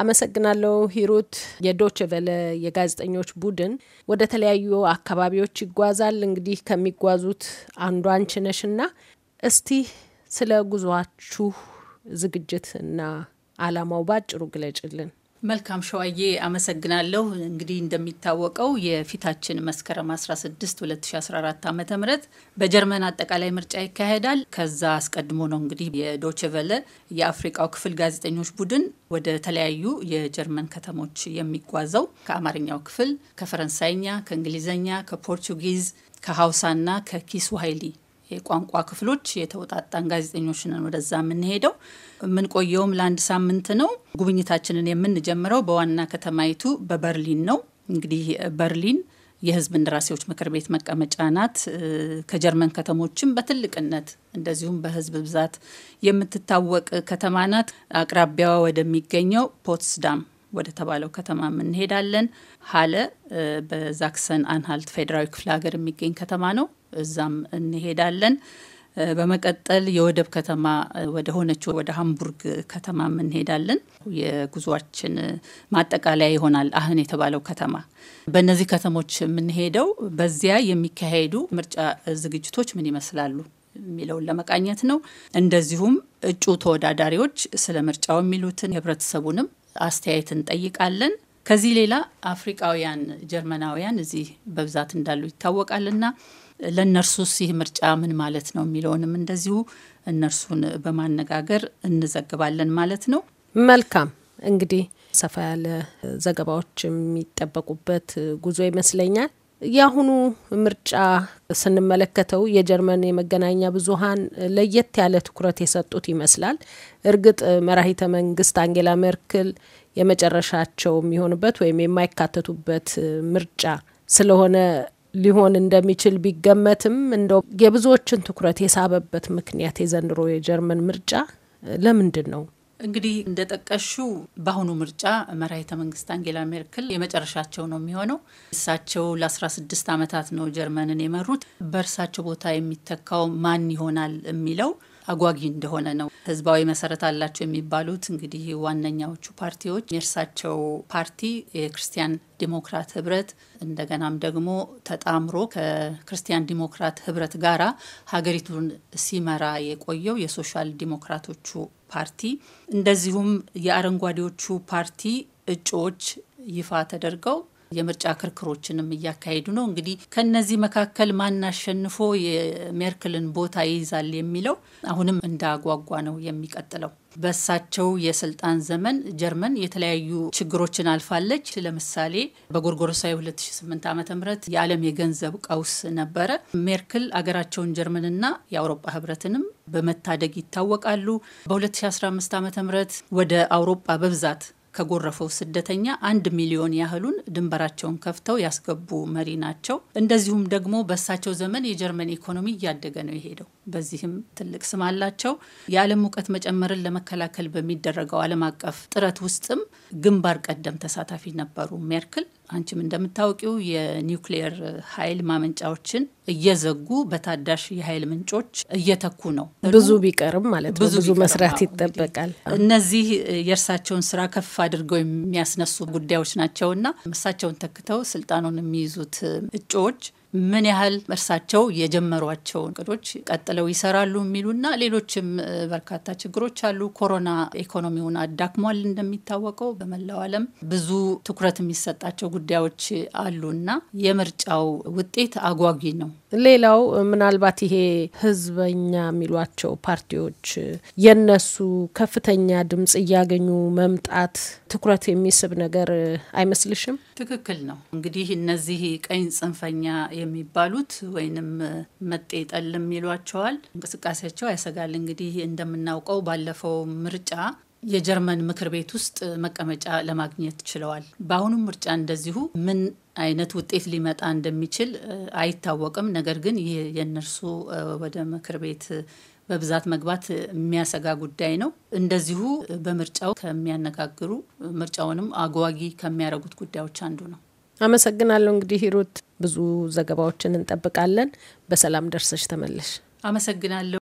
አመሰግናለሁ ሂሩት። የዶች ቨለ የጋዜጠኞች ቡድን ወደ ተለያዩ አካባቢዎች ይጓዛል። እንግዲህ ከሚጓዙት አንዷ አንቺ ነሽና እስቲ ስለ ጉዟችሁ ዝግጅት እና አላማው ባጭሩ ግለጭልን። መልካም ሸዋዬ አመሰግናለሁ። እንግዲህ እንደሚታወቀው የፊታችን መስከረም 16 2014 ዓ ም በጀርመን አጠቃላይ ምርጫ ይካሄዳል። ከዛ አስቀድሞ ነው እንግዲህ የዶችቨለ የአፍሪቃው ክፍል ጋዜጠኞች ቡድን ወደ ተለያዩ የጀርመን ከተሞች የሚጓዘው ከአማርኛው ክፍል፣ ከፈረንሳይኛ፣ ከእንግሊዝኛ፣ ከፖርቹጊዝ፣ ከሀውሳና ከኪስዋሂሊ የቋንቋ ክፍሎች የተውጣጣን ጋዜጠኞች ነን ወደዛ የምንሄደው። የምንቆየውም ለአንድ ሳምንት ነው። ጉብኝታችንን የምንጀምረው በዋና ከተማይቱ በበርሊን ነው። እንግዲህ በርሊን የህዝብ እንደራሴዎች ምክር ቤት መቀመጫ ናት። ከጀርመን ከተሞችም በትልቅነት እንደዚሁም በህዝብ ብዛት የምትታወቅ ከተማ ናት። አቅራቢያዋ ወደሚገኘው ፖትስዳም ወደ ተባለው ከተማ እንሄዳለን። ሀለ በዛክሰን አንሃልት ፌዴራዊ ክፍለ ሀገር የሚገኝ ከተማ ነው። እዛም እንሄዳለን። በመቀጠል የወደብ ከተማ ወደ ሆነችው ወደ ሃምቡርግ ከተማ እንሄዳለን። የጉዟችን ማጠቃለያ ይሆናል አህን የተባለው ከተማ። በእነዚህ ከተሞች የምንሄደው በዚያ የሚካሄዱ ምርጫ ዝግጅቶች ምን ይመስላሉ የሚለውን ለመቃኘት ነው። እንደዚሁም እጩ ተወዳዳሪዎች ስለ ምርጫው የሚሉትን የህብረተሰቡንም አስተያየት እንጠይቃለን። ከዚህ ሌላ አፍሪቃውያን ጀርመናውያን እዚህ በብዛት እንዳሉ ይታወቃልና ለእነርሱስ ይህ ምርጫ ምን ማለት ነው የሚለውንም እንደዚሁ እነርሱን በማነጋገር እንዘግባለን ማለት ነው። መልካም እንግዲህ ሰፋ ያለ ዘገባዎች የሚጠበቁበት ጉዞ ይመስለኛል። የአሁኑ ምርጫ ስንመለከተው የጀርመን የመገናኛ ብዙሀን ለየት ያለ ትኩረት የሰጡት ይመስላል። እርግጥ መራሂተ መንግስት አንጌላ ሜርክል የመጨረሻቸው የሚሆንበት ወይም የማይካተቱበት ምርጫ ስለሆነ ሊሆን እንደሚችል ቢገመትም እንደው የብዙዎችን ትኩረት የሳበበት ምክንያት የዘንድሮ የጀርመን ምርጫ ለምንድን ነው? እንግዲህ እንደጠቀሹ በአሁኑ ምርጫ መራሄተ መንግስት አንጌላ ሜርክል የመጨረሻቸው ነው የሚሆነው። እሳቸው ለ16 ዓመታት ነው ጀርመንን የመሩት። በእርሳቸው ቦታ የሚተካው ማን ይሆናል የሚለው አጓጊ እንደሆነ ነው። ህዝባዊ መሰረት አላቸው የሚባሉት እንግዲህ ዋነኛዎቹ ፓርቲዎች የእርሳቸው ፓርቲ የክርስቲያን ዲሞክራት ህብረት እንደገናም ደግሞ ተጣምሮ ከክርስቲያን ዲሞክራት ህብረት ጋራ ሀገሪቱን ሲመራ የቆየው የሶሻል ዲሞክራቶቹ ፓርቲ እንደዚሁም የአረንጓዴዎቹ ፓርቲ እጩዎች ይፋ ተደርገው የምርጫ ክርክሮችንም እያካሄዱ ነው። እንግዲህ ከነዚህ መካከል ማን አሸንፎ የሜርክልን ቦታ ይይዛል የሚለው አሁንም እንዳጓጓ ነው የሚቀጥለው። በሳቸው የስልጣን ዘመን ጀርመን የተለያዩ ችግሮችን አልፋለች። ለምሳሌ በጎርጎሮሳዊ 2008 ዓ ም የዓለም የገንዘብ ቀውስ ነበረ። ሜርክል አገራቸውን ጀርመንና የአውሮፓ ህብረትንም በመታደግ ይታወቃሉ። በ2015 ዓ ም ወደ አውሮፓ በብዛት ከጎረፈው ስደተኛ አንድ ሚሊዮን ያህሉን ድንበራቸውን ከፍተው ያስገቡ መሪ ናቸው። እንደዚሁም ደግሞ በእሳቸው ዘመን የጀርመን ኢኮኖሚ እያደገ ነው የሄደው። በዚህም ትልቅ ስም አላቸው። የዓለም ሙቀት መጨመርን ለመከላከል በሚደረገው ዓለም አቀፍ ጥረት ውስጥም ግንባር ቀደም ተሳታፊ ነበሩ ሜርክል። አንቺም እንደምታወቂው የኒውክሌየር ኃይል ማመንጫዎችን እየዘጉ በታዳሽ የኃይል ምንጮች እየተኩ ነው። ብዙ ቢቀርም ማለት ነው፣ ብዙ መስራት ይጠበቃል። እነዚህ የእርሳቸውን ስራ ከፍ አድርገው የሚያስነሱ ጉዳዮች ናቸውና እሳቸውን ተክተው ስልጣኑን የሚይዙት እጩዎች ምን ያህል እርሳቸው የጀመሯቸውን እቅዶች ቀጥለው ይሰራሉ የሚሉና ሌሎችም በርካታ ችግሮች አሉ። ኮሮና ኢኮኖሚውን አዳክሟል። እንደሚታወቀው በመላው ዓለም ብዙ ትኩረት የሚሰጣቸው ጉዳዮች አሉና የምርጫው ውጤት አጓጊ ነው። ሌላው ምናልባት ይሄ ህዝበኛ የሚሏቸው ፓርቲዎች የነሱ ከፍተኛ ድምጽ እያገኙ መምጣት ትኩረት የሚስብ ነገር አይመስልሽም? ትክክል ነው። እንግዲህ እነዚህ ቀኝ ጽንፈኛ የሚባሉት ወይንም መጤጠል ይሏቸዋል እንቅስቃሴያቸው ያሰጋል። እንግዲህ እንደምናውቀው ባለፈው ምርጫ የጀርመን ምክር ቤት ውስጥ መቀመጫ ለማግኘት ችለዋል። በአሁኑም ምርጫ እንደዚሁ ምን አይነት ውጤት ሊመጣ እንደሚችል አይታወቅም። ነገር ግን ይህ የእነርሱ ወደ ምክር ቤት በብዛት መግባት የሚያሰጋ ጉዳይ ነው። እንደዚሁ በምርጫው ከሚያነጋግሩ ምርጫውንም አጓጊ ከሚያደርጉት ጉዳዮች አንዱ ነው። አመሰግናለሁ። እንግዲህ ሂሩት ብዙ ዘገባዎችን እንጠብቃለን። በሰላም ደርሰሽ ተመለሽ። አመሰግናለሁ።